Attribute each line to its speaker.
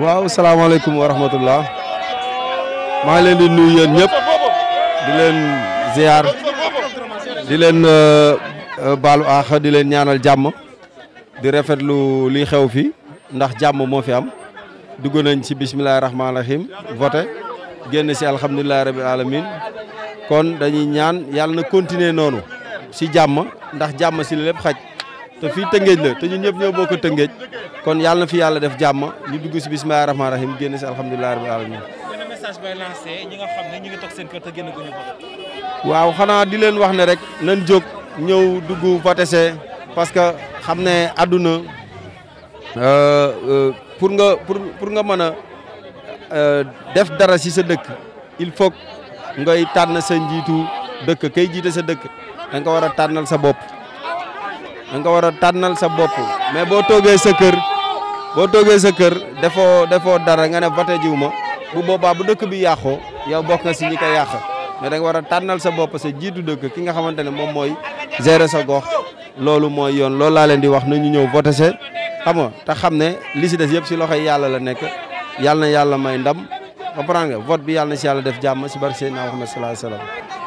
Speaker 1: waaw salaamaaleykum wa rahmatullah maa ngi leen di nuyu yéen ñëpp di leen ziar di leen euh, euh, baalu aax di leen ñaanal jàmm di rafetlu li xew fi ndax jàmm moo fi am dugg nañ ci bisimilah rahmaani rahim voté génn si alhamdulilah rabil alamin kon dañuy ñaan yàlla na continuer noonu ci jàmm ndax jàmm si lépp xaj. te fii tëngeej la te ñun ñëpp boo bokk tëngeej kon yàlla na fi yàlla def jàmm ñu dugg si bisimilah rahmaani rahim génn si alhamdulilah rabbil alamin
Speaker 2: benn ne ñu ngi toog seen kër
Speaker 1: ko waaw xanaa di leen wax ne rek nañ jóg ñëw dugg Patese parce que xam ne àdduna euh, euh, pour nga pour pour nga mën a euh, def dara si sa dëkk il faut ngay tànn sa njiitu dëkk kay jiite sa dëkk da nga war a tànnal sa bopp. da nga war a tànnal sa bopp mais boo toogee sa kër boo toogee sa kër defoo defoo dara nga ne voté jiw ma bu boobaa bu dëkk bi yàqoo yow bokk nga si ñi ko yàq mais da war a tànnal sa bopp sa jiitu dëkk ki nga xamante ne moom mooy gérer sa gox loolu mooy yoon loolu laa leen di wax na ñu ñëw voté se xam te xam ne li si des yëpp si loxo yi yàlla la nekk yàlla na yàlla may ndam comprendre nga vote bi yàlla si yàlla def jàmm si barke Seydina Muhammad sallallahu alayhi wa sallam